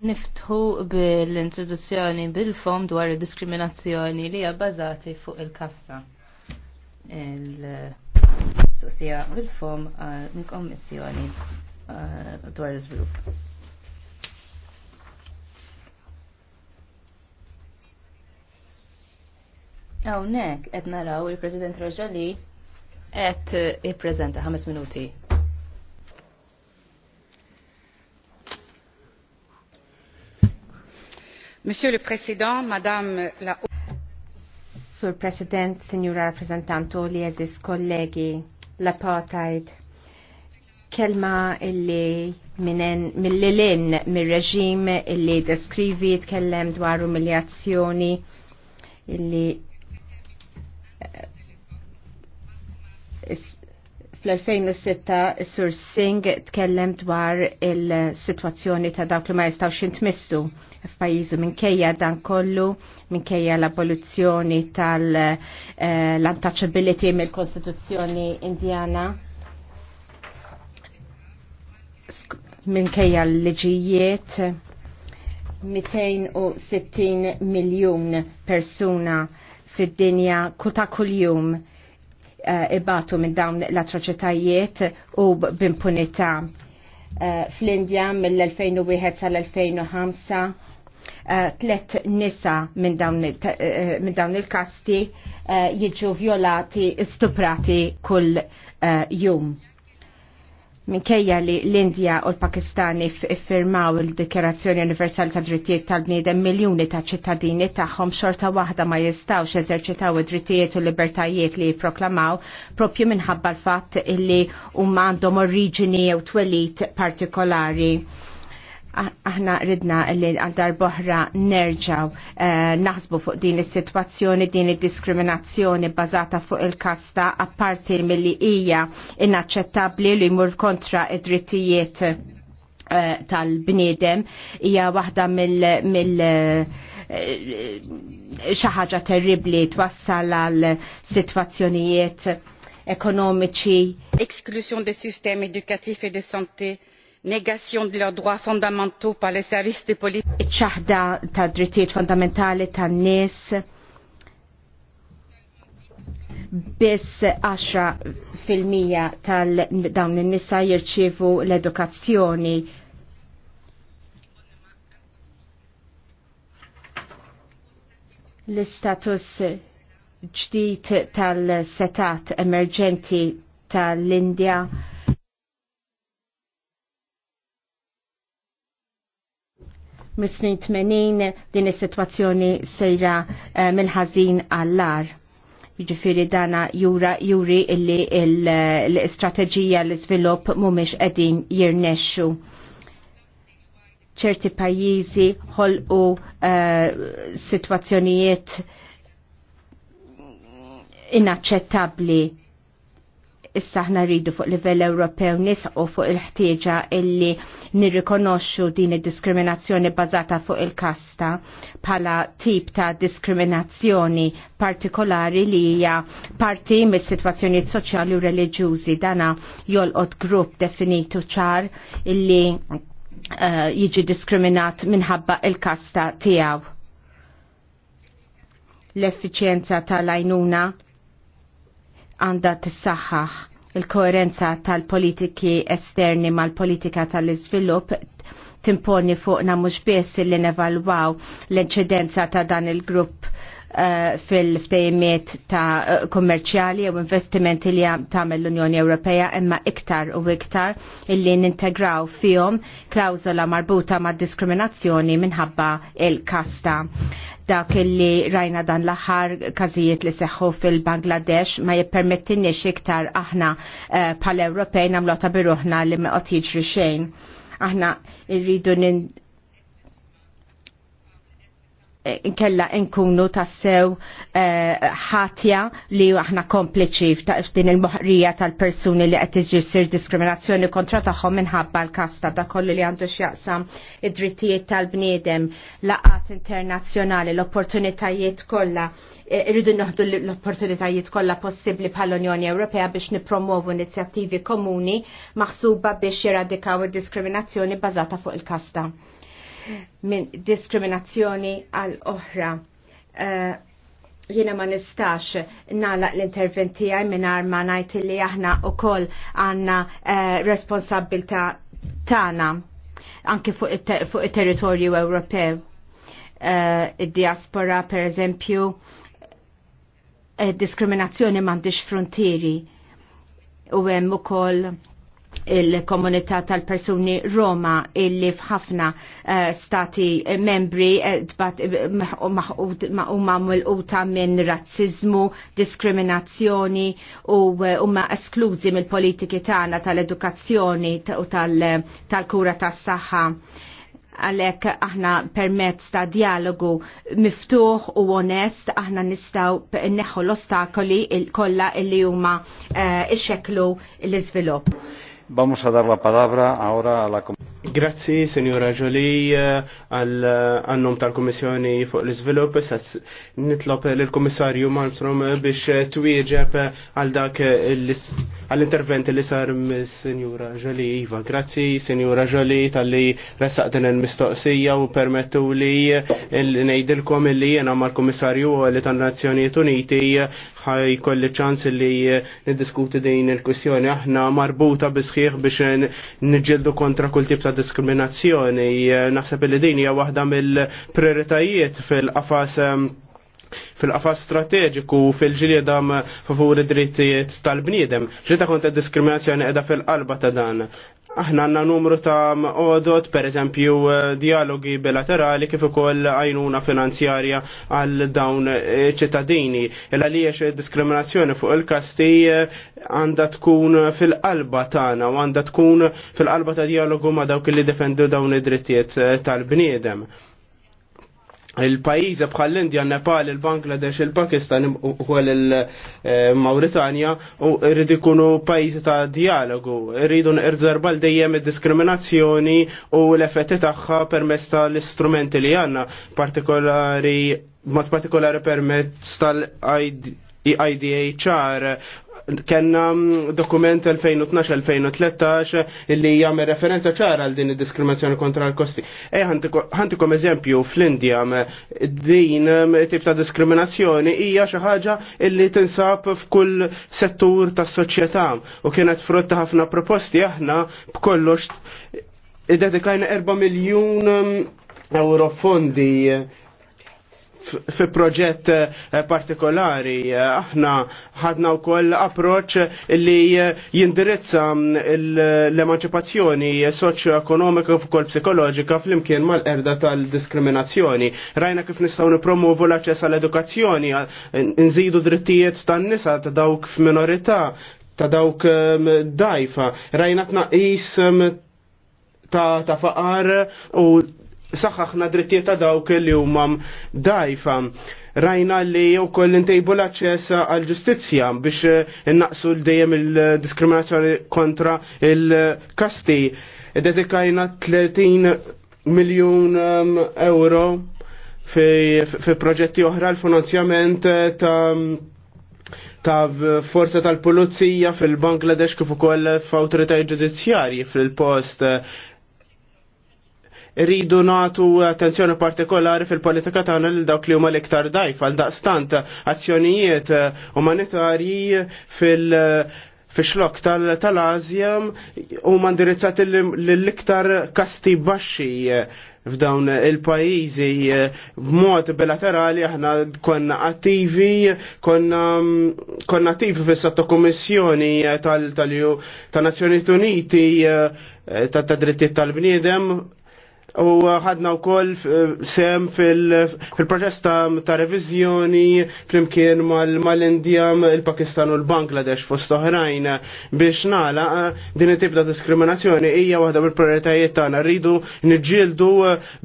Niftħu bil-introduzzjoni bil fond dwar diskriminazzjoni li hija bbażati fuq il-kaffa. Il-sosija bil-fom kommissjoni eh, dwar iżvilupp. Hawnhekk qed naraw il-President et qed ippreżenta ħames minuti Monsieur le Président, Madame la Sur President, Signora Rappresentanto, li eżis kollegi, l-apartheid, kelma illi mill millilin mir reġim illi deskrivi tkellem dwar umiljazzjoni illi Fl-2006 Sir Singh tkellem dwar il-situazzjoni ta' dawk li ma jistawx intmissu minn minkejja dan kollu, minkejja l-abolizzjoni tal-untouchability mill-Kostituzzjoni Indjana minkejja l-liġijiet 260 miljon persuna fid-dinja kull ta' kuljum Eh, ibatu minn dawn l-atroċitajiet u b'impunità. Eh, Fl-Indja mill-2001 sal-2005 eh, tlet nisa minn dawn il-kasti jiġu violati, stuprati kull jum minkejja li l-Indja u l-Pakistani firmaw il-Dikjerazzjoni Universali ta' Drittijiet tal-Bniedem miljuni ta' ċittadini tagħhom xorta waħda ma jistawx eżerċitaw id-drittijiet u libertajiet li jipproklamaw propju minħabba l-fatt li huma għandhom oriġini jew twelid partikolari Ah, aħna ridna li għal boħra nerġaw eh, naħsbu fuq din is-sitwazzjoni, din id-diskriminazzjoni bazata fuq il-kasta apparti milli hija inaċċettabbli li jmur kontra id-drittijiet eh, tal-bniedem hija waħda mill, mill eh, xaħġa terribli twassal għal situazzjonijiet ekonomiċi. Exclusion des sistemi éducatifs e de santé negazzjon de leurs droits fondamentaux par les services de police. Iċ-ċaħda ta' drittijiet fondamentali ta' nies biss 10% tal-dawn in-nisa jirċievu l-edukazzjoni l-istatus ġdid tal-setat emerġenti tal-Indja mis-snin 80 din is-sitwazzjoni sejra eh, mill-ħażin għall-lar. Jiġifieri dana jura juri illi l-istrateġija l-iżvilupp mhumiex qegħdin jirnexxu ċerti pajjiżi ħolqu eh, sitwazzjonijiet inaċċettabbli issa ħna rridu fuq livell Ewropew nisqu fuq il-ħtieġa illi nirrikonoxxu din id-diskriminazzjoni bażata fuq il-kasta bħala tip ta' diskriminazzjoni partikolari li hija parti mis-sitwazzjonijiet soċjali u reliġjużi dana jolqod grupp definitu ċar illi uh, jiġi diskriminat minħabba il-kasta tiegħu. L-effiċjenza tal-għajnuna għandha tissaħħaħ il-koerenza tal-politiki esterni mal-politika tal-iżvilupp timponi fuqna mhux biss li nevalwaw l-inċidenza ta' dan il-grupp Eh, fil-ftejmiet ta' kommerċjali u investimenti li tagħmel l-Unjoni Ewropea imma iktar u iktar illi nintegraw fihom klawzola marbuta ma' diskriminazzjoni minħabba il-kasta. Dak illi rajna dan l-aħħar każijiet li seħħu fil-Bangladesh ma jippermettinniex iktar aħna eh, pal-Ewropej nagħmlu ta' biruħna li ma' jiġri xejn. Aħna irridu Eh, inkella nkunu tassew eh, ħatja li aħna kompliċi f'din il-moħrija tal-persuni li qed tiġisir diskriminazzjoni kontra tagħhom minħabba l-kasta da kollu li għandu x'jaqsam id-drittijiet tal-bniedem, laqat internazzjonali, l-opportunitajiet kollha eh, irridu noħdu l-opportunitajiet kollha possibbli bħall-Unjoni Ewropea biex nippromovu inizjattivi komuni maħsuba biex jiradikaw id-diskriminazzjoni bbażata fuq il-kasta minn diskriminazzjoni għal oħra. Eh, jiena ma nistax nalaq l-interventi għaj minn ma najt li aħna u koll għanna eh, responsabilta tana anki fuq il-territorju fu il Ewropew. Eh, id-diaspora, per eżempju, diskriminazzjoni mandiġ frontieri u hemm ukoll il-komunità tal-persuni Roma illi fħafna eh, stati eh, membri eh, huma mulquta minn razzizmu, diskriminazzjoni u huma esklużi mill-politiki tagħna tal-edukazzjoni u tal-kura tas-saħħa għalek aħna permezz ta' dialogu miftuħ u onest aħna nistaw neħu l-ostakoli il kollha illi huma uh, ixxeklu l-iżvilupp. Vamos a dar la palabra ahora a la Grazzi, Senjora Ġoli, għal-nom eh, eh, tal-Komissjoni fuq l sass nitlop l-Komissarju Malmstrom biex eh, twieġeb għal dak għall-intervent li sar Senjora Ġoli. Iva, grazzi, Senjora Jolie, tal-li rassaqten din il-mistoqsija u permettu li nejdilkom li jena mal-Komissarju għal tan-Nazzjonijiet Uniti ħaj kolli ċans li eh, niddiskuti din il-kwistjoni. Aħna marbuta bisħiħ biex nġildu kontra kull tip ta' diskriminazzjoni. Eh, naħseb li din hija waħda mill-prioritajiet fil-qafas ehm, fil-qafas strateġiku fil-ġilieda favur id-drittijiet tal-bniedem. Ġita konta diskriminazzjoni edha fil-qalba ta' dan. Aħna għanna numru ta' odot, per eżempju, eh, dialogi bilaterali kif ukoll għajnuna finanzjarja għal dawn eh, ċittadini. Illa li diskriminazzjoni fuq il-kasti eh, għanda tkun fil-qalba tagħna u għanda tkun fil-qalba ta' dialogu ma' dawk li defendu dawn id-drittijiet tal-bniedem il pajiz bħal l-Indja, Nepal, il-Bangladesh, il-Pakistan u il-Mauritania u rridu kunu pajizi ta' dialogu. Rridu nqirdu darbal dejjem id-diskriminazzjoni u l-effetti tagħha permezz tal-istrumenti li għandna, partikolari mod partikolari permezz tal-IDHR kena mm, dokument 2012-2013 illi jame referenza ċara għal din id-diskriminazzjoni kontra l-kosti. E ħantikom eżempju fl-Indija mm, din mm, tip ta' diskriminazzjoni hija xi ħaġa illi tinsab f'kull settur tas-soċjetà u kienet frotta ħafna proposti aħna b'kollox id-dedikajna 4 miljun euro fondi fi proġett eh, partikolari. Eh, aħna ħadna wkoll approċ li eh, jindirizza mm, l-emanċipazzjoni soċio ekonomika u wkoll psikoloġika flimkien mal-erda tal-diskriminazzjoni. Rajna kif nistgħu nipromovu l-aċċess għall-edukazzjoni, nżidu drittijiet tan-nisa ta' dawk f'minorità ta' dawk ehm, dajfa. Rajna tnaqis ehm, ta' faqar u saħħaħna drittijiet ta' dawk li huma dajfa. Rajna li jew koll intejbu l-aċċess għal ġustizzja biex innaqsu l dejjem il-diskriminazzjoni kontra il-kasti. Dedikajna 30 miljun um, euro fi proġetti oħra l-finanzjament ta' ta' forza tal-pulizija fil-Bangladesh kif ukoll f'awtoritajiet ġudizzjarji fil-post rridu natu attenzjoni partikolari fil-politika tagħna lil dawk li huma l-iktar dajf għal daqstant azzjonijiet eh, umanitarji fil- fixlok tal-Azja u mandirizzat l-iktar kasti baxxi eh, f'dawn il-pajizi eh, b'mod bilaterali aħna konna attivi, konna, mm, konna attivi fis komissjoni tal-Nazzjoni Uniti tad drittijiet tal-bniedem u ħadna wkoll sem fil-proċess ta' revizjoni flimkien mal-Indija, il-Pakistan u l-Bangladesh fost oħrajn biex nala din it-tip ta' diskriminazzjoni hija waħda mill-prioritajiet tagħna rridu niġġieldu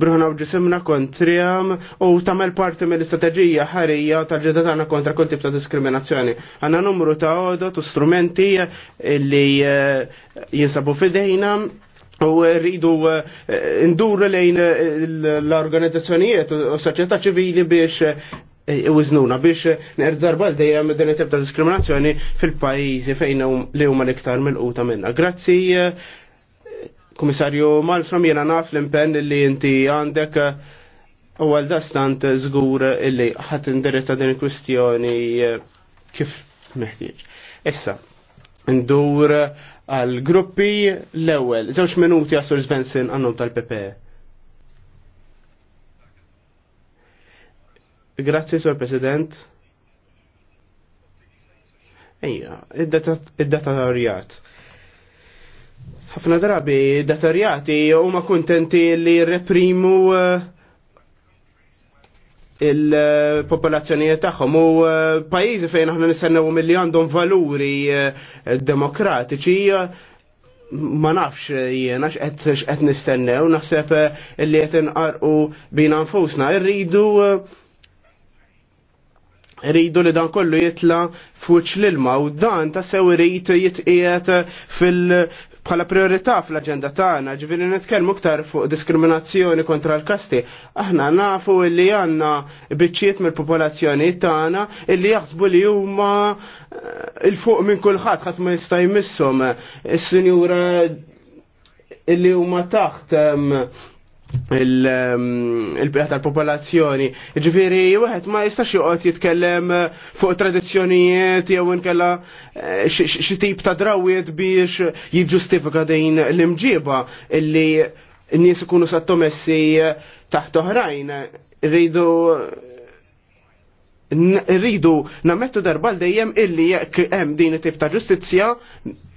bruħna u ġisimna kontrijam u tagħmel parti mill-istrateġija ħarija tal-ġedda tagħna kontra kull tip ta' diskriminazzjoni. Għandna numru ta' għodot u strumenti li eh, jinsabu fidejna U rridu eh, ndur lejn eh, l-organizzazzjonijiet u soċjetà ċivili biex eh, użnuna biex nerdarba dejjem din ta' diskriminazzjoni fil-pajjiżi fejn li huma l-iktar mill-quta minna. Grazzi Komissarju Malfram jiena naf l-impenn li inti għandek u għal dastant żgur illi ħadd indirizza din il-kwistjoni kif meħtieġ. Issa, Ndur għal gruppi l-ewel. Zewċ minuti għasur Svensson għannum tal-PPE. Grazzi, Sor President. Ejja, id-datatorjat. Ħafna drabi id-datatorjati huma kuntenti li reprimu uh, il-popolazzjonijiet tagħhom u eh, pajjiżi fejn aħna nistennew milli għandhom valuri eh, demokratiċi ma nafx jiena x'qed nistennew naħseb eh, illi qed inqarqu bina nfusna irridu rridu li dan kollu jitla fuċ l-ilma u dan ta' sew jitqiet fil bħala priorità fl-agenda tagħna, ġifieri nitkellmu iktar fuq diskriminazzjoni kontra l-kasti. Aħna nafu li għandna biċċiet mill-popolazzjoni tagħna illi jaħsbu li huma eh, il-fuq minn kulħadd ħadd ma jista' jmisshom. Is-sinjura illi huma taħt il um, biħat tal-popolazzjoni. Ġifiri, wieħed ma jistax joqgħod jitkellem uh, fuq tradizzjonijiet jew inkella uh, xi tip ta' drawiet biex jiġġustifika din l-imġiba illi n-nies ikunu sattomessi uh, taħt oħrajn. Rridu rridu nammettu darba dejjem illi jekk hemm din it-tip ta' ġustizzja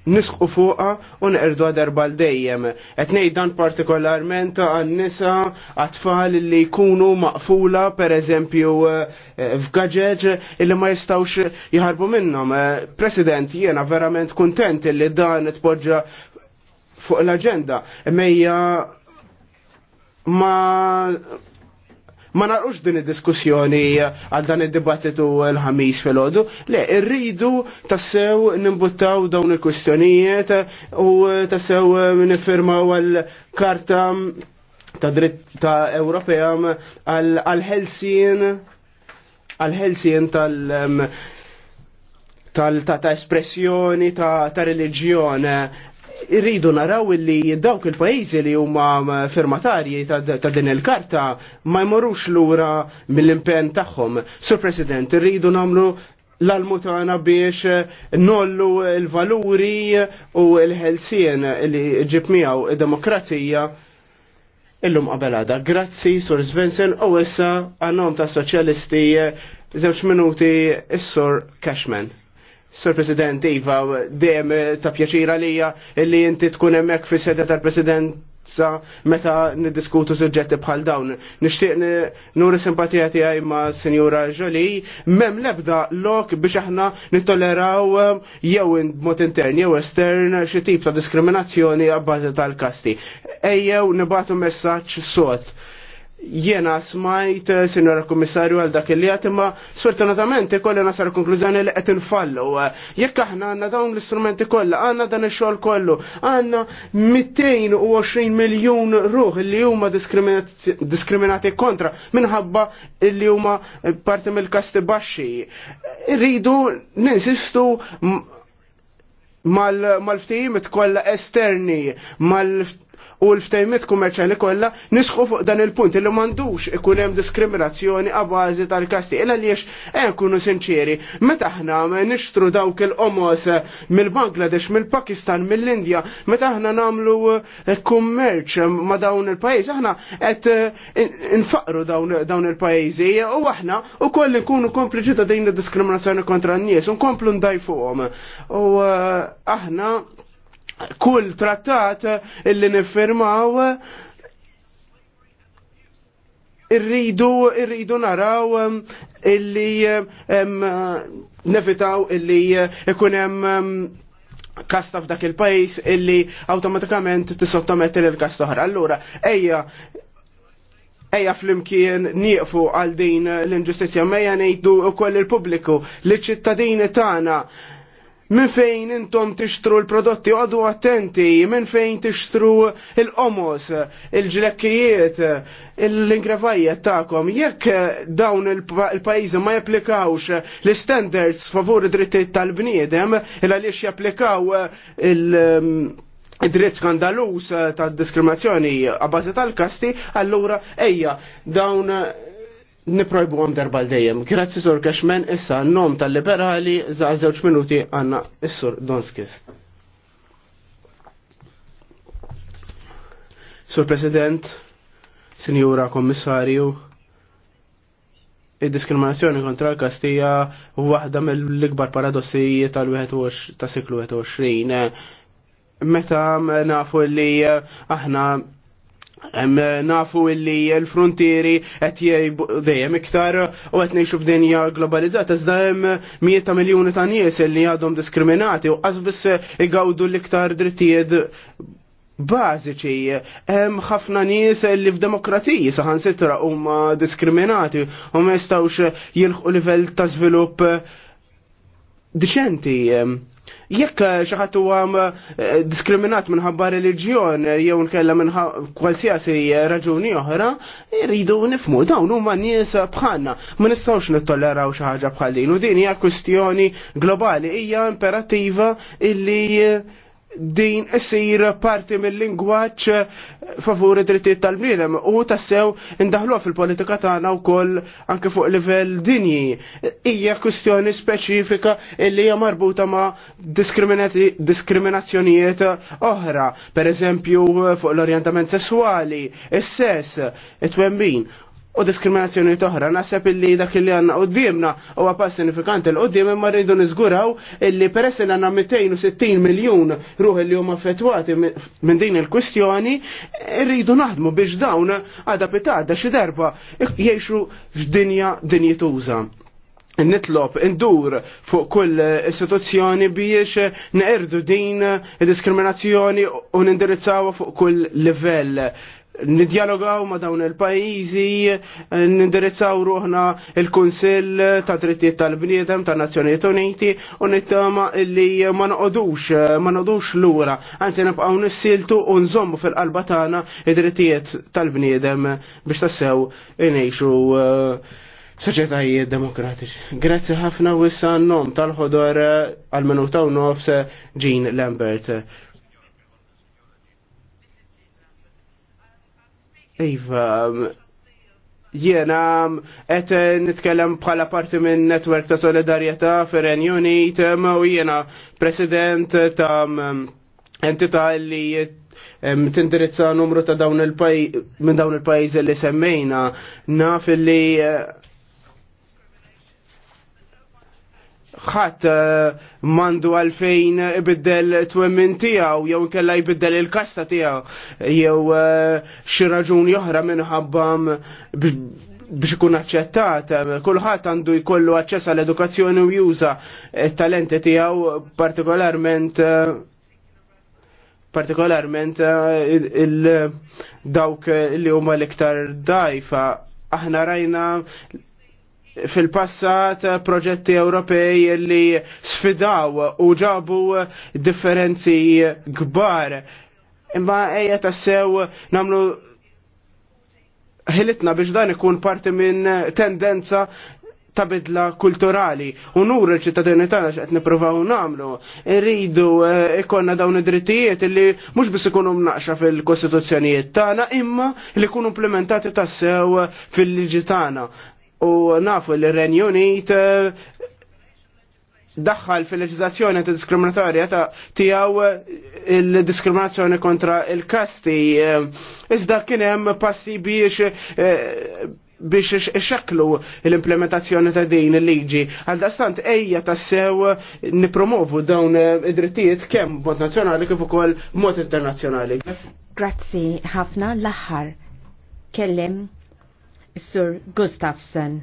nisqu fuqa u neqrdu darba dejjem. Qed ngħid dan partikolarment għan-nisa għat-tfal li jkunu maqfula pereżempju eh, eh, f'gaġeġ illi ma jistgħux jħarbu minnhom. Eh, President, jiena verament kuntent illi dan tpoġġa fuq l-agenda. Mejja ma ma narqux din id-diskussjoni għal dan id-dibattitu l-ħamis fil-ħodu. Le, irridu tassew nimbuttaw dawn il-kwistjonijiet u tassew nifirmaw għal-karta ta' dritta Ewropea għal helsin għal-ħelsien tal- um, tal ta' espressjoni ta' reliġjon irridu naraw illi dawk il-pajizi li huma firmatarji ta' din il-karta ma jmorrux lura mill-impenn tagħhom. Sur President, irridu nagħmlu l-almutana biex nollu l-valuri u l-ħelsien li ġib miegħu id-demokrazija illum qabelada. Grazzi, Sur Svensen, u issa għannom ta' soċjalisti żewġ minuti is-Sur Cashman. Sir President Iva, dem ta' pjaċira lija illi inti tkun hemmhekk fis sede tal-Presidenza meta niddiskutu suġġetti bħal dawn. Nixtieq nuri simpatija tiegħi ma' Sinjura Joli, mem lebda lok biex aħna nittoleraw eh, jew mod intern jew estern xi tip ta' diskriminazzjoni għabbażi tal-kasti. Ejjew nibatu messaġġ sod Jiena smajt, eh, sinjora komissarju, għal dak li għatima, sfortunatament kolli nasar konklużjoni li għetin fallu. Eh, jekk aħna għanna dawn l-istrumenti kollha, għanna dan il-xol kollu, għanna 220 miljon ruħ li huma diskriminati kontra minħabba li huma eh, parti mill-kasti baxxi. Rridu ninsistu mal-ftijim kollha esterni, mal-ftijim u l ftejmet kummerċali kollha nisħu fuq dan il-punt li m'għandux ikun hemm diskriminazzjoni għabazi tal-kasti. Illa għaliex eh kunu sinċeri, meta aħna nixtru dawk il omos mill-Bangladesh, mill-Pakistan, mill-Indja, meta aħna nagħmlu eh, kummerċ ma dawn il-pajjiż, aħna qed eh, infaqru dawn il-pajjiżi u aħna ukoll nkunu kompliċi ta' din id-diskriminazzjoni kontra n-nies, nkomplu ndajfuhom. U eh, aħna kull trattat illi niffirmaw irridu irridu naraw um, illi um, nefitaw illi ikun hemm um, kasta f'dak il-pajis illi automatikament tissottometti il kasta oħra. Allura, ejja, Eja fl-imkien nieqfu għal din l-inġustizja meja nejdu u koll il-publiku li ċittadini tagħna Minn fejn intom tixtru l-prodotti għadu attenti, minn fejn tixtru l omos il-ġlekkijiet, l-ingrevajjet ta'kom. Jekk dawn il-pajizi ma japplikawx l-standards favur id-drittijiet tal-bniedem, il-għaliex japplikaw il- um, id-dritt skandalus ta' diskriminazzjoni għabbażi tal-kasti, allura ejja dawn niprojbu għom darba dejjem. Grazzi sur Kaxmen, issa n-nom tal-liberali za' zewċ minuti għanna is-sur Donskis. Sur President, Sinjura Kommissarju, id-diskriminazzjoni kontra l-Kastija u waħda mill-ikbar paradossi tal-21 ta' siklu 21. Meta nafu li aħna nafu illi l-frontieri qed dejjem iktar u qed ngħixu f'dinja globalizzata iżda hemm mijiet ta' miljuni ta' nies illi għadhom diskriminati u qasbis igawdu l-iktar drittijiet bażiċi hemm ħafna nies li f'demokratiji saħansitra huma diskriminati u ma jistgħux jilħqu livell ta' żvilupp diċenti Jekk eh, xi ħadd huwa mm, eh, diskriminat minħabba reliġjon eh, jew nkella minħabba kwalsiasi raġuni oħra, jridu nifmu dawn huma nies bħalna. Ma nistgħux nittolleraw xi ħaġa bħal din u din hija kwistjoni globali hija imperattiva illi din isir parti mill-lingwaċ favuri drittijiet tal-bniedem u tassew indaħlu fil-politika tagħna wkoll anke fuq livell dinji. Hija kwistjoni speċifika li hija marbuta ma' diskriminazzjonijiet oħra, pereżempju fuq l-orjentament sesswali, is-sess, it twembin u diskriminazzjoni toħra. Naħseb illi dak li għanna u d-diemna u għapass signifikanti l-qoddim imma rridu nizguraw illi peress li għanna 260 miljon ruħi li huma affettwati minn din il-kwistjoni, rridu naħdmu biex dawn għada pitada xi darba jiexu f'dinja dinjituża. Nitlob, indur fuq kull istituzzjoni biex nerdu din diskriminazzjoni u nindirizzawa fuq kull livell nidjalogaw ma dawn il-pajizi, nindirizzaw ruħna il-Kunsill ta' drittijiet tal-bniedem ta' Nazzjonijiet Uniti u nittama illi ma noqodux, ma noqodux lura, anzi nibqgħu nissiltu u nżommu fil-qalba tagħna id-drittijiet tal-bniedem biex tassew inejxu eh, soċjetajiet demokratiċi. Grazzi ħafna wissa n-nom tal-ħodor għal-minuta u nofs Jean Lambert. Iva, jiena qed nitkellem bħala parti minn netwerk ta' solidarjetà Feren ren Unit u jiena president ta' entità li tindirizza numru ta' dawn il-pajjiż minn dawn il-pajjiżi li semmejna naf li ħadd eh, mandu għalfejn ibiddel twemmin tiegħu jew kella jbiddel il-kasta tiegħu jew eh, xi joħra oħra minħabba biex ikun aċċettat, eh, kulħadd għandu jkollu aċċess għall edukazzjoni u juża t-talenti tiegħu partikolarment partikolarment il-dawk li huma l-iktar dajfa aħna rajna fil-passat proġetti Ewropej li sfidaw u ġabu differenzi kbar. Imma ejja tassew namlu ħilitna biex dan ikun parti minn tendenza ta' bidla kulturali. U nur il-ċittadini tagħna qed nippruvaw nagħmlu. Irridu eh, ikonna dawn id-drittijiet li mhux biss ikunu mnaqxa fil-kostituzzjonijiet tagħna, imma li jkunu implementati tassew fil-liġi tagħna u nafu li r-Renju Unit eh, daħħal fil-leġizazzjoni diskriminatorja ta' tijaw eh, il-diskriminazzjoni kontra il-kasti. Eh, iżda kien hemm passi biex biex xeklu l-implementazzjoni ta' din il-liġi. Għal dastant ejja ta' sew nipromovu dawn id-drittijiet kemm b'mod nazzjonali kif ukoll b'mod internazzjonali. Grazzi ħafna l-aħħar kellem Sur Gustafsson.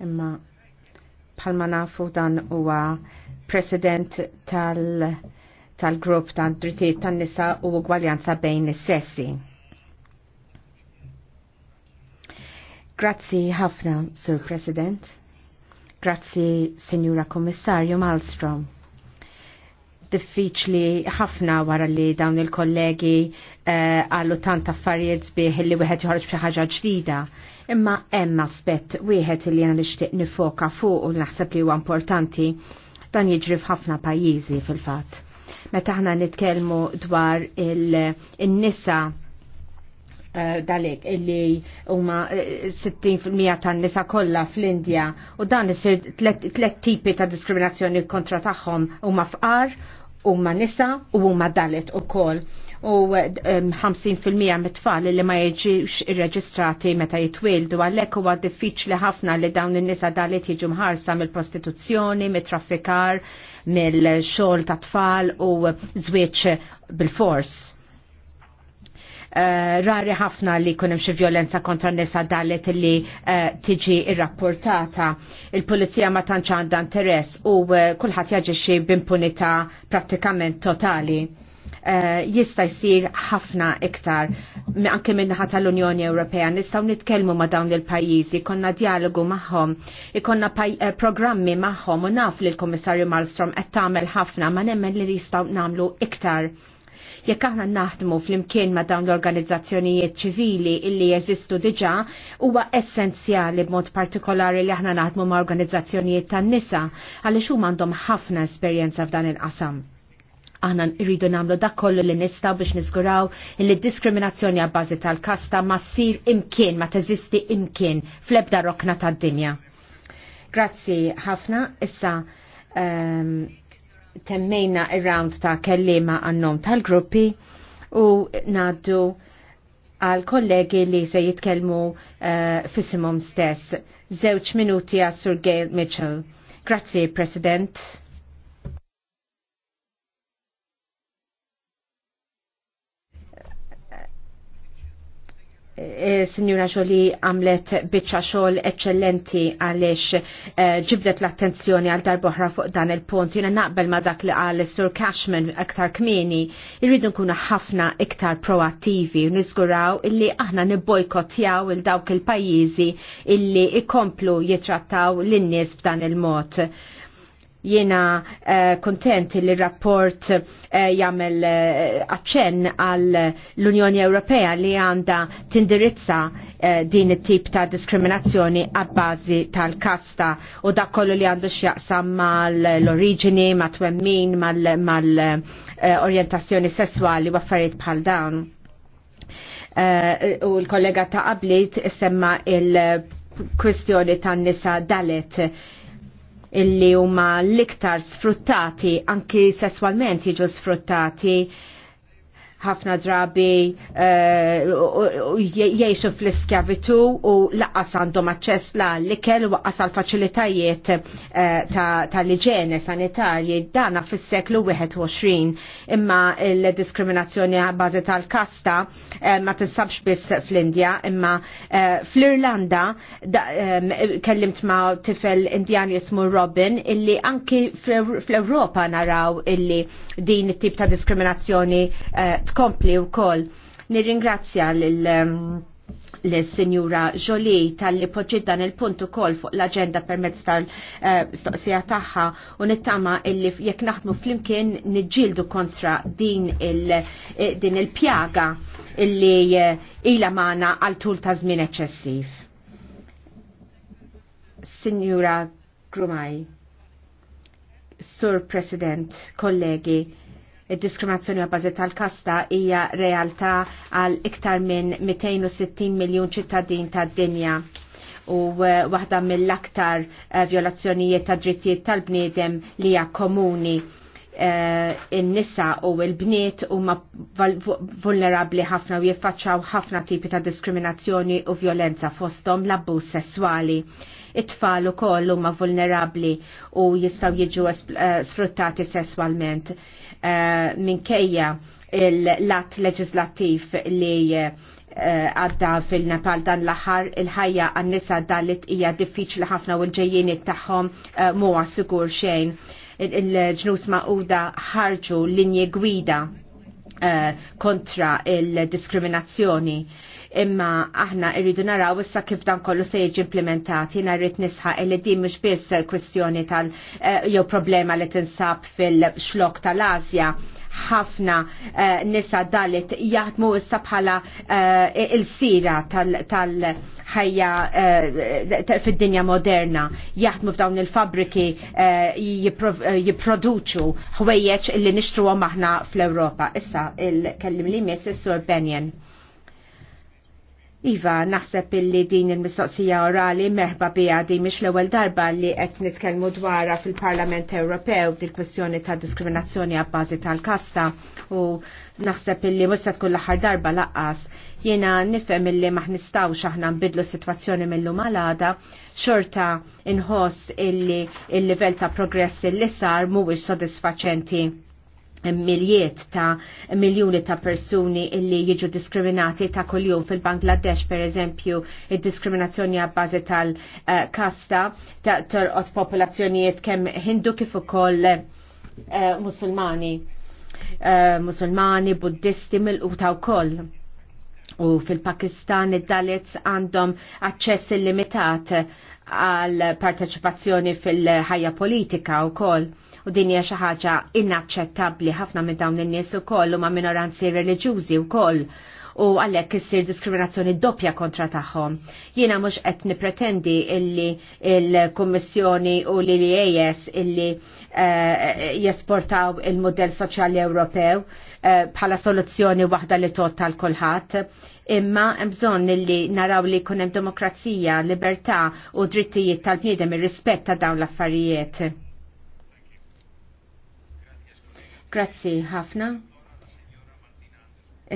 Imma palma nafu dan huwa president tal tal-grupp ta' drittijiet tan-nisa u ugwaljanza bejn is-sessi. Grazzi ħafna, Sur President. Grazzi, Signora Kommissarju Malmstrom diffiċli ħafna wara li dawn il-kollegi eh, għallu uh, tant affarijiet sbieħ li wieħed joħroġ bħi ħaġa ġdida. Imma hemm aspett wieħed li jena nixtieq nifoka fuq u naħseb li huwa importanti dan jiġri f'ħafna pajjiżi fil-fatt. Meta aħna nitkellmu dwar il-nisa eh, dalek illi huma 60% eh, tan-nisa kollha fl-Indja u dan isir tlet tipi ta' diskriminazzjoni kontra tagħhom huma fqar huma nisa u huma dalet ukoll u 50% mit-tfal li ma jiġux irreġistrati meta jitwildu għalhekk huwa diffiċli ħafna li dawn in-nisa dalet jiġu mħarsa mill-prostituzzjoni, mit-traffikar, mill-xogħol ta' tfal u żwieġ bil-fors Eh, rari ħafna li kunem xi violenza kontra nisa dalet li eh, tiġi irrapportata. Il-pulizija ma tantx għandha interess u eh, kulħadd jaġixxi b'impunità prattikament totali. Uh, jista jisir ħafna iktar anke minnaħa tal-Unjoni Ewropea nistgħu nitkellmu ma' dawn il-pajjiżi, konna dialogu magħhom, ikonna programmi magħhom u naf li l-Kummissarju Malmstrom qed tagħmel ħafna ma' nemmen li jistgħu nagħmlu iktar Jekk aħna naħdmu fl-imkien ma' dawn l-organizzazzjonijiet ċivili illi jeżistu diġà, huwa essenzjali b'mod partikolari li aħna naħdmu ma' organizzazzjonijiet tan-nisa għaliex huma għandhom ħafna esperjenza f'dan il-qasam aħna rridu namlu dak kollu li nistaw biex niżguraw li diskriminazzjoni għabbażi tal-kasta ma ssir imkien, ma teżisti imkien fl-ebda rokna tad-dinja. Grazzi ħafna, issa um, temmejna ir-round ta' kellima għannom tal-gruppi u naddu għal kollegi li se jitkelmu uh, eh, fissimum stess. Zewċ minuti għas Sur Gail Mitchell. Grazie, President. E, Signora Xoli għamlet bieċa xol eccellenti għalix eh, ġibdet l-attenzjoni għal darboħra fuq dan il-punt. Jina naqbel ma dak li għal Sur Cashman aktar kmini, irridu nkunu ħafna iktar proattivi u nizguraw illi aħna nibbojkotjaw il-dawk il-pajizi illi ikomplu jitrattaw l-nies b'dan il-mod Jena eh, kontent li rapport eh, jagħmel eh, aċċenn għal l-Unjoni Ewropea li għandha tindirizza din it-tip ta' diskriminazzjoni għabbażi tal-kasta u dak kollu li għandu x'jaqsam mal origini ma' twemmin, mal-orjentazzjoni sessuali u affarijiet bħal dawn. U l-kollega ta' qabli semma il- kwestjoni tan nisa dalet illi huma l-iktar sfruttati anki sesswalment jiġu sfruttati ħafna drabi eh, jiexu fl-iskjavitu u laqqas għandhom aċċess la l-ikel u laqqas għal faċilitajiet eh, tal-iġene sanitarji dana fis-seklu 21 imma l-diskriminazzjoni bażi tal-kasta eh, ma tinsabx biss fl-Indja imma fl-Irlanda kellimt ma' tifel indjan jismu Robin illi anki fl-Europa naraw illi din it-tip ta' diskriminazzjoni tkompli wkoll. Nirringrazzja lil ehm, l-Sinjura Jolie tal-li poġġi dan il-punt ukoll fuq l-agenda permezz tal stoqsija tagħha u nittama illi jekk naħdmu flimkien niġġieldu kontra din eh, din il-pjaga illi eh, ila magħna għal tul ta' żmien eċċessiv. Sinjura Grumaj, Sur President, kollegi, Id-diskriminazzjoni għabbażi tal-kasta hija realtà għal iktar minn 260 miljun ċittadin tad-dinja u eh, waħda mill-aktar eh, violazzjonijiet ta' drittijiet tal-bniedem li hija komuni eh, in-nisa u l-bniet huma vulnerabbli ħafna u jiffaċċaw ħafna tipi ta' diskriminazzjoni u violenza fosthom l-abbuż sesswali it-tfal ukoll huma vulnerabbli u jistgħu jiġu eh, sfruttati sesswalment eh, minkejja l-att leġislattiv li eh, għadda fil-Nepal dan l-aħħar il-ħajja għannisa nisa dalit hija diffiċli ħafna u l-ġejjien tagħhom huwa sigur xejn. Il-ġnus maquda ħarġu linji gwida kontra il-diskriminazzjoni imma aħna irridu naraw issa kif dan kollu se jiġi implementati narrit nisħa li din mhux biss kwestjoni tal eh, jew problema li tinsab fil-xlok tal-Asja ħafna uh, nisa dalit jaħdmu issa bħala uh, il-sira tal-ħajja tal uh, fid-dinja moderna jaħdmu f'dawn il-fabriki jipproduċu ħwejjeġ li nixtruhom aħna fl-Ewropa. Issa il-kellim li miss is-Sur Benjen. Iva, naħseb illi din il-mistoqsija orali merħba bija di miex l-ewel darba li qed nitkellmu dwarha fil-Parlament Ewropew dil-kwestjoni ta' diskriminazzjoni għabbażi tal-kasta u naħseb illi mhux se tkun l-aħħar darba laqqas. Jiena nifhem illi ma ħnistgħux aħna nbidlu s-sitwazzjoni minnhom għalada, xorta inħoss illi il-livell ta' progress li sar mhuwiex sodisfaċenti miljiet ta' miljoni ta' persuni illi jiġu diskriminati ta' kuljum fil-Bangladesh per eżempju id-diskriminazzjoni għabbażi tal-kasta eh, ta' torqot popolazzjonijiet kemm Hindu kif ukoll eh, Musulmani eh, Musulmani, Buddisti u ta' wkoll. U fil-Pakistan id-Dalits għandhom aċċess illimitat għal parteċipazzjoni fil-ħajja politika u koll u din hija xi ħaġa inaċċettabbli ħafna minn dawn in-nies ukoll huma minoranzi reliġjużi wkoll u għalhekk issir diskriminazzjoni doppja kontra tagħhom. Jiena mhux qed nipretendi illi il-Kummissjoni u l-IES illi eh, jesportaw il-modell soċjali Ewropew eh, bħala soluzzjoni waħda li tot tal kulħadd imma bżonn illi naraw li kunem demokrazija, libertà u drittijiet tal-bniedem ir-rispett ta' dawn l-affarijiet Grazzi ħafna.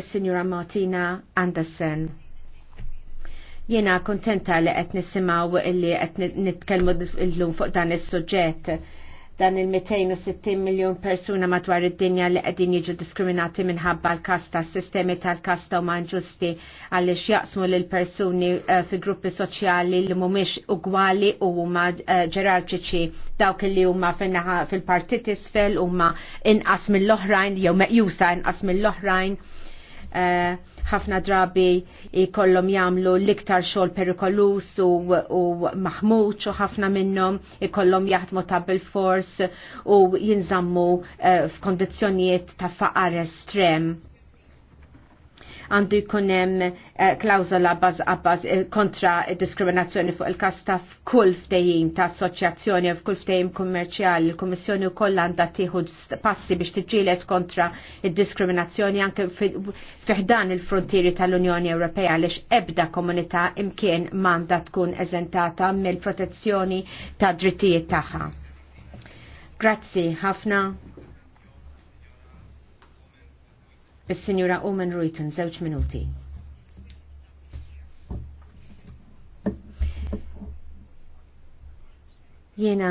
is signora Martina Andersen. Jena kontenta li qed nisimgħu illi qed nitkellmu lum fuq dan is-suġġett dan il-260 miljon persuna matwar id-dinja li qegħdin jiġu diskriminati minħabba l-kasta, sistemi tal-kasta u manġusti għaliex jaqsmu lil persuni eh, fi gruppi soċjali li mhumiex ugwali u huma eh, ġerarċiċi dawk li huma fil partiti isfel huma inqas mill-oħrajn jew meqjusa inqas mill-oħrajn Eh, ħafna drabi kollom jamlu liktar xol perikolus u, u maħmuċ u ħafna minnom kollom jaħdmu ta' bil-fors u jinżammu eh, f'kondizjonijiet ta' faqar estrem għandu jkunem eh, klawzola baz għabaz eh, kontra diskriminazzjoni fuq il-kasta f'kull ftejim ta' assoċjazzjoni u f'kull ftejim kummerċjali. il u wkoll għandha tiħu passi biex tiġġieled kontra id-diskriminazzjoni anke fiħdan il-frontieri tal-Unjoni Ewropea għaliex ebda komunità imkien m'għandha tkun eżentata mill-protezzjoni ta' drittijiet tagħha. Grazzi ħafna. Is-Sinjura Omen Ruiten, żewġ minuti. Jena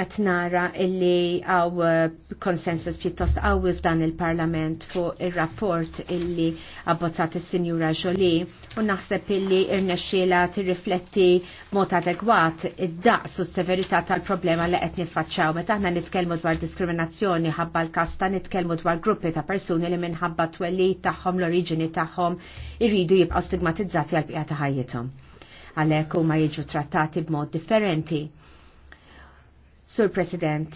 qed nara illi għaw uh, konsensus pjuttost qawwi f'dan il-Parlament fuq ir-rapport illi abbozzat is-Sinjura Jolie u naħseb illi irnexxiela tirrifletti mod adegwat id-daqs u s-severità tal-problema li qed niffaċċaw. Meta aħna nitkellmu dwar diskriminazzjoni ħabba l-kasta nitkellmu dwar gruppi ta' persuni li minħabba twellit tagħhom l-oriġini tagħhom irridu jibqgħu stigmatizzati għal bqija ta' ħajjithom. Għalhekk huma jiġu trattati b'mod differenti Sur President.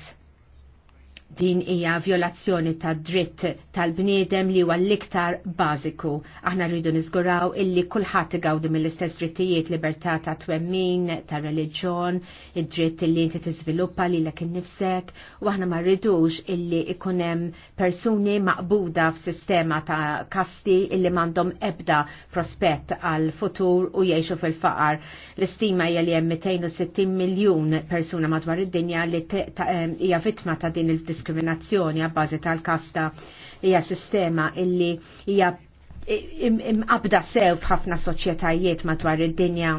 Din hija violazzjoni ta' dritt tal-bniedem li huwa l-iktar bażiku. Aħna rridu niżguraw illi kulħadd igawdi mill-istess drittijiet libertà ta' twemmin, ta' reliġjon, id-dritt illi inti tiżviluppa lilek innifsek, u aħna ma rridux illi ikun hemm persuni maqbuda f'sistema ta' kasti illi m'għandhom ebda prospett għal futur u jgħixu fil-faqar. L-istima hija li hemm 260 miljun persuna madwar id-dinja li hija vittma ta' din il diskriminazzjoni għabbażi tal-kasta hija sistema illi hija imqabda sew f'ħafna soċjetajiet madwar id-dinja.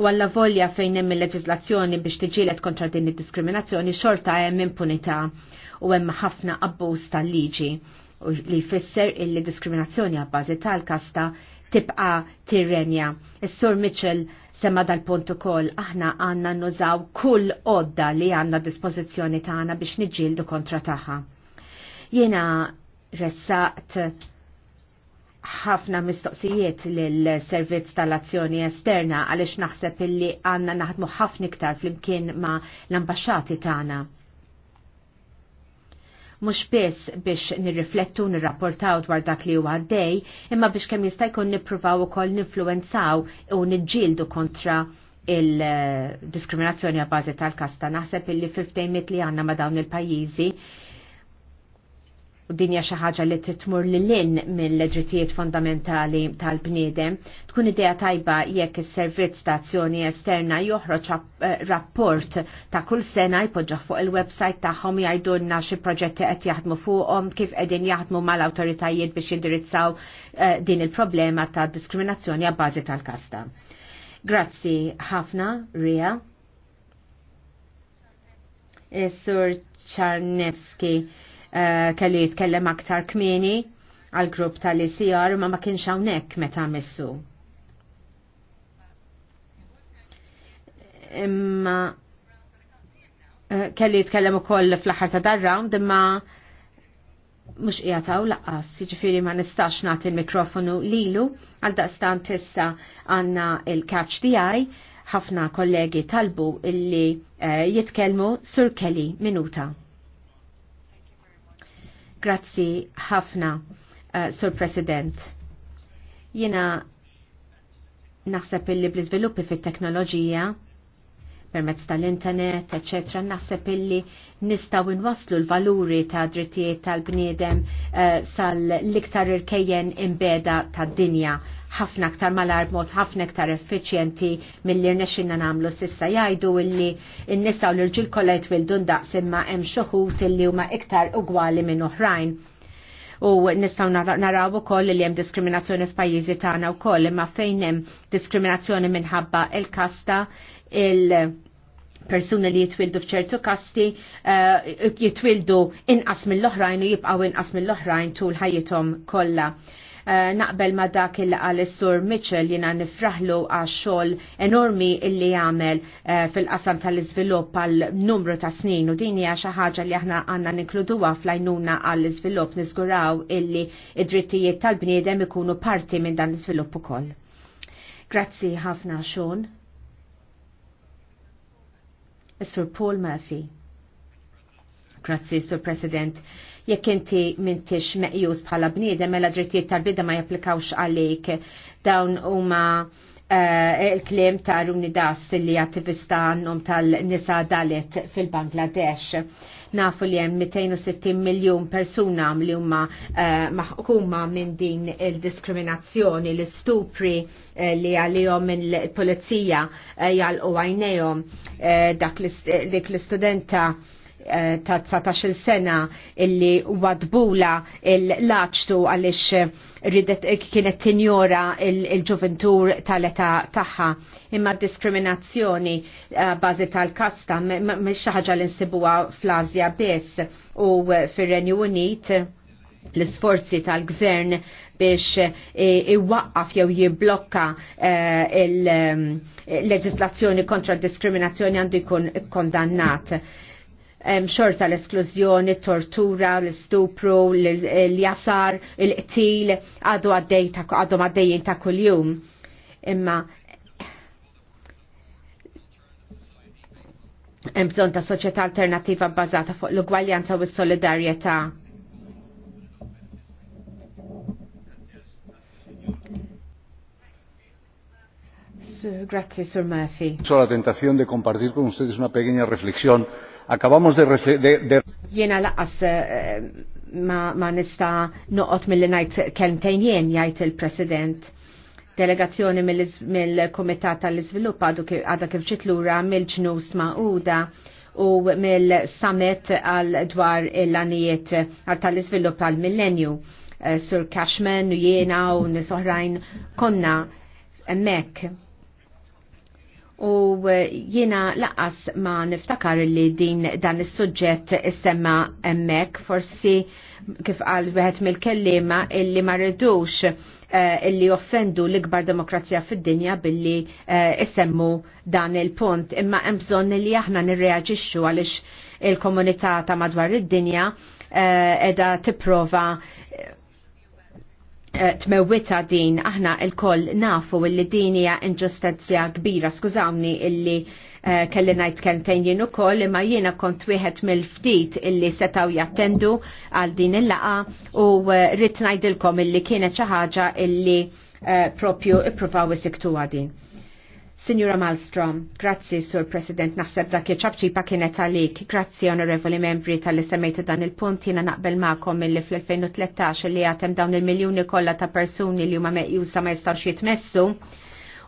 U għalla volja fejn hemm il leġislazzjoni biex tiġilet kontra din id-diskriminazzjoni xorta hemm impunità u hemm ħafna abbuż tal-liġi li jfisser illi diskriminazzjoni għabbażi tal-kasta tibqa tirrenja. Is-Sur Mitchell Semma dal-punt ukoll aħna għanna nużaw kull odda li għanna dispożizzjoni tagħna biex niġġieldu kontra tagħha. Jiena ressaqt ħafna mistoqsijiet lill-servizz tal-azzjoni esterna għaliex naħseb illi għanna naħdmu ħafna iktar flimkien ma l-ambasċati tagħna mhux biss biex nirriflettu nirrapportaw dwar dak li huwa għaddej, imma biex kemm jista' jkun nippruvaw ukoll ninfluwenzaw u niġġieldu kontra il-diskriminazzjoni għabazi bażi tal-kasta. Naħseb illi fil-ftejmiet li għandna ma' dawn il-pajjiżi u dinja xi ħaġa li titmur lil lin mill-drittijiet fondamentali tal-bniedem, tkun idea tajba jekk is-servizz ta' azzjoni esterna joħroġ eh, rapport ta' kull sena jpoġġa fuq il-website tagħhom jgħidulna xi proġetti qed jaħdmu fuqhom kif qegħdin jaħdmu mal-awtoritajiet biex jindirizzaw eh, din il-problema ta' diskriminazzjoni għabbażi tal-kasta. Grazzi ħafna, Ria. Eh, Sur Czarnewski Eh, kelli jitkellem aktar kmieni għal-grupp tal-ICR ma ma kienx hawnhekk meta missu. Imma eh, kelli jitkellem ukoll fl-aħħar ta' dar-round imma qiegħed hawn laqqas, Jiġifieri ma nistax nagħti l mikrofonu lilu, għal daqstan tista' għandna il-catch tiegħi ħafna kollegi talbu illi eh, jitkellmu Sur Kelly minuta. Grazzi ħafna, uh, Sur President. Jena naħseb illi bl-izviluppi fit-teknoloġija permezz tal-internet, etc. naħseb illi nistaw inwaslu l-valuri ta' drittijiet tal-bniedem uh, sal-liktar irkejjen imbeda tad-dinja ħafna aktar malar mod ħafna aktar effiċjenti mill-li rnexxinna nagħmlu sissa jgħidu illi n-nisa u l-irġiel kollha jitwildu ndaqs imma hemm xuħut illi huma iktar ugwali minn oħrajn u nistaw naraw ukoll li hemm diskriminazzjoni f'pajjiżi tagħna wkoll imma fejn hemm diskriminazzjoni minħabba il-kasta il persuni li jitwildu fċertu kasti uh, jitwildu inqas mill-oħrajn u jibqaw inqas mill-oħrajn tul ħajjithom kollha. Eh, naqbel ma dak il għal sur Mitchell jina nifraħlu għax xogħol enormi illi jagħmel eh, fil-qasam tal-iżvilupp għal numru ta' snin u din hija xi ħaġa li aħna għandna ninkluduha fl għal għall iżvilupp niżguraw illi id-drittijiet tal-bniedem ikunu parti minn dan l-iżvilupp ukoll. Grazzi ħafna xon. Is-Sur Paul Murphy. Grazzi, Sur President jekk inti m'intix meqjus bħala bniedem mela drittijiet tal-bidda ma japplikawx għalik dawn huma eh, il-klim ta' Runi Das li attivista għannum tal-nisa dalet fil-Bangladesh nafu li hemm 260 miljun persuna li huma eh, maħkuma minn din il-diskriminazzjoni, l-istupri eh, li għalihom il-pulizija uh, jgħalqu għajnejhom dak l-istudenta ta' 19 sena illi wadbula il-laċtu għalix ridet kienet tinjora il-ġuventur tal-età tagħha imma diskriminazzjoni eh, bażi tal-kasta mhix xi ħaġa fl azja biss u fir-Renju Unit l-sforzi tal-gvern biex eh, iwaqqaf jew jiblokka eh, il-leġislazzjoni kontra diskriminazzjoni għandu jkun kondannat xorta l-esklużjoni, tortura, l stupru l-jasar, l-qtil, għadu għaddejjin għaddejjin ta' kuljum. Imma imbżon ta' soċieta alternativa bbażata fuq l-ugwaljanza u s solidarieta Gracias, Sir Murphy. Solo la tentación de compartir con ustedes una pequeña reflexión Acabamos de... de, Jena laqas eh, ma, ma nista noqot mill-li najt kelmtejn jien jajt il-President. Delegazzjoni mill-Komitat tal-Izvilupp għadha kif ġitlura mill-ġnus ma'uda u mill-summit għal dwar il-lanijiet tal-Izvilupp għal-millenju. Eh, Sur Cashman u jiena u nisoħrajn konna emmek u eh, jiena laqas ma niftakar li din dan is-suġġett issemma hemmhekk forsi kif qal wieħed mill-kellima illi ma rridux eh, illi offendu l-ikbar demokrazija fid-dinja billi eh, issemmu dan il-punt imma hemm bżonn li aħna nirreaġixxu għaliex il-komunità ta' madwar id-dinja uh, edha tipprova tmewwita din aħna il-koll nafu illi din hija inġustizzja kbira. Skużawni illi eh, kelli ngħid kentejn jien ukoll imma jiena kont wieħed mill-ftit illi setgħu jattendu għal din il-laqa u eh, rrid ngħidilkom illi kienet xi ħaġa illi uh, propju ippruvaw isiktuha din. Signora Malmstrom, grazzi Sur President, naħseb dak pa kienet għalik. Grazzi onorevoli membri tal semmejtu dan il-punt jina naqbel ma'kom mill 2013 li għatem dawn il-miljoni kollha ta' persuni li huma meqjusa ma jistgħux jitmessu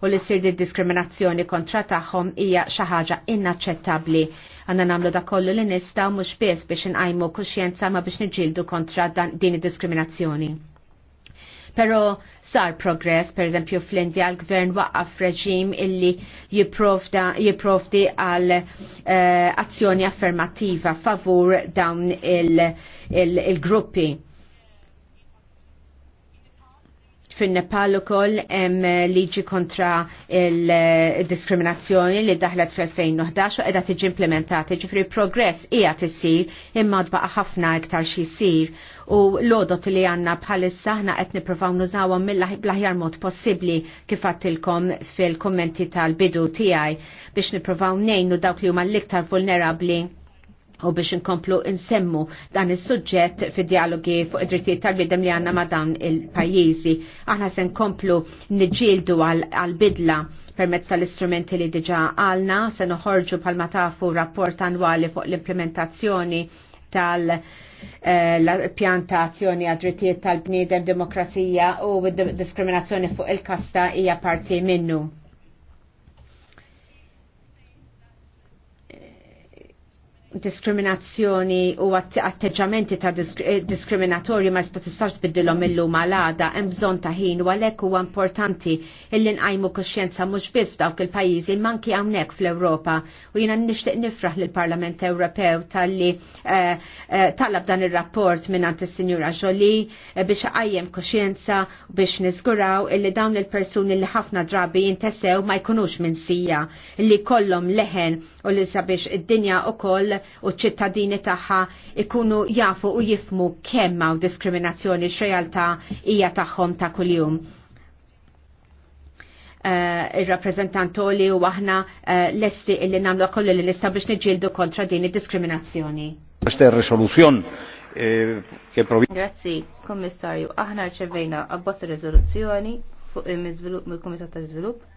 u li sirdi diskriminazzjoni kontra tagħhom hija xi ħaġa inaċċettabbli. Għandna nagħmlu da kollu li nistgħu mhux biss biex inqajmu kuxjenza ma biex niġġieldu kontra din id-diskriminazzjoni. Pero sar progress, per eżempju fl-Indja l-gvern waqqaf reġim illi jiprofdi għal eh, azzjoni affermativa favur dawn il-gruppi. Il, il, il gruppi fin-Nepal ukoll hemm eh, liġi kontra il-diskriminazzjoni li daħlet fl-2011 u qiegħda tiġi implementati, ġifri progress hija tisir imma tbaqa' ħafna iktar xi jsir u l-odot li għandna bħalissa ħna qed nippruvaw nużawhom mill-aħjar mod possibbli kif għattilkom fil-kommenti tal-bidu tiegħi biex nippruvaw ngħinu dawk li huma l-iktar vulnerabbli u biex inkomplu insemmu dan is suġġett fid dialogi fuq id-drittijiet tal-bidem li għanna ma' dawn il-pajjiżi. Aħna se nkomplu niġġieldu għal-bidla permezz tal-istrumenti li diġa għalna, se noħorġu bħalma tafu rapport annwali fuq l-implementazzjoni tal- eh, l-pjantazzjoni għad-drittijiet tal-bniedem, demokrazija u diskriminazzjoni fuq il-kasta hija parti minnu diskriminazzjoni u atteġġamenti ta' eh, diskriminatorju ma jista' tistax tbiddilhom illum għal-għada hemm bżonn ta' ħin u għalhekk huwa importanti illi nqajmu kuxjenza mhux biss dawk il-pajjiżi manki hawnhekk fl-Ewropa u jiena nixtieq nifraħ lill parlament Ewropew talli eh, eh, talab dan ir-rapport mingħand is-Sinjura Joli biex qajjem kuxjenza biex niżguraw illi dawn il-persuni li ħafna drabi jintesew ma jkunux minn sija li kollhom leħen u li sabiex id-dinja ukoll u ċittadini tagħha ikunu jafu u jifmu kemm hawn diskriminazzjoni x'realtà hija tagħhom ta' kuljum. Uh, eh, il-rappresentantoli u aħna uh, lesti illi namlu kollu li nista biex niġildu kontra din id-diskriminazzjoni. Eh, Grazzi, Kommissarju. Aħna rċevejna abbozz rezoluzzjoni fuq il-Komitat ta' Żvilupp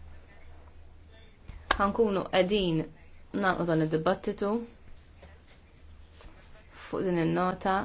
ħankunu qegħdin nagħqu dan id-dibattitu fuq din il-nota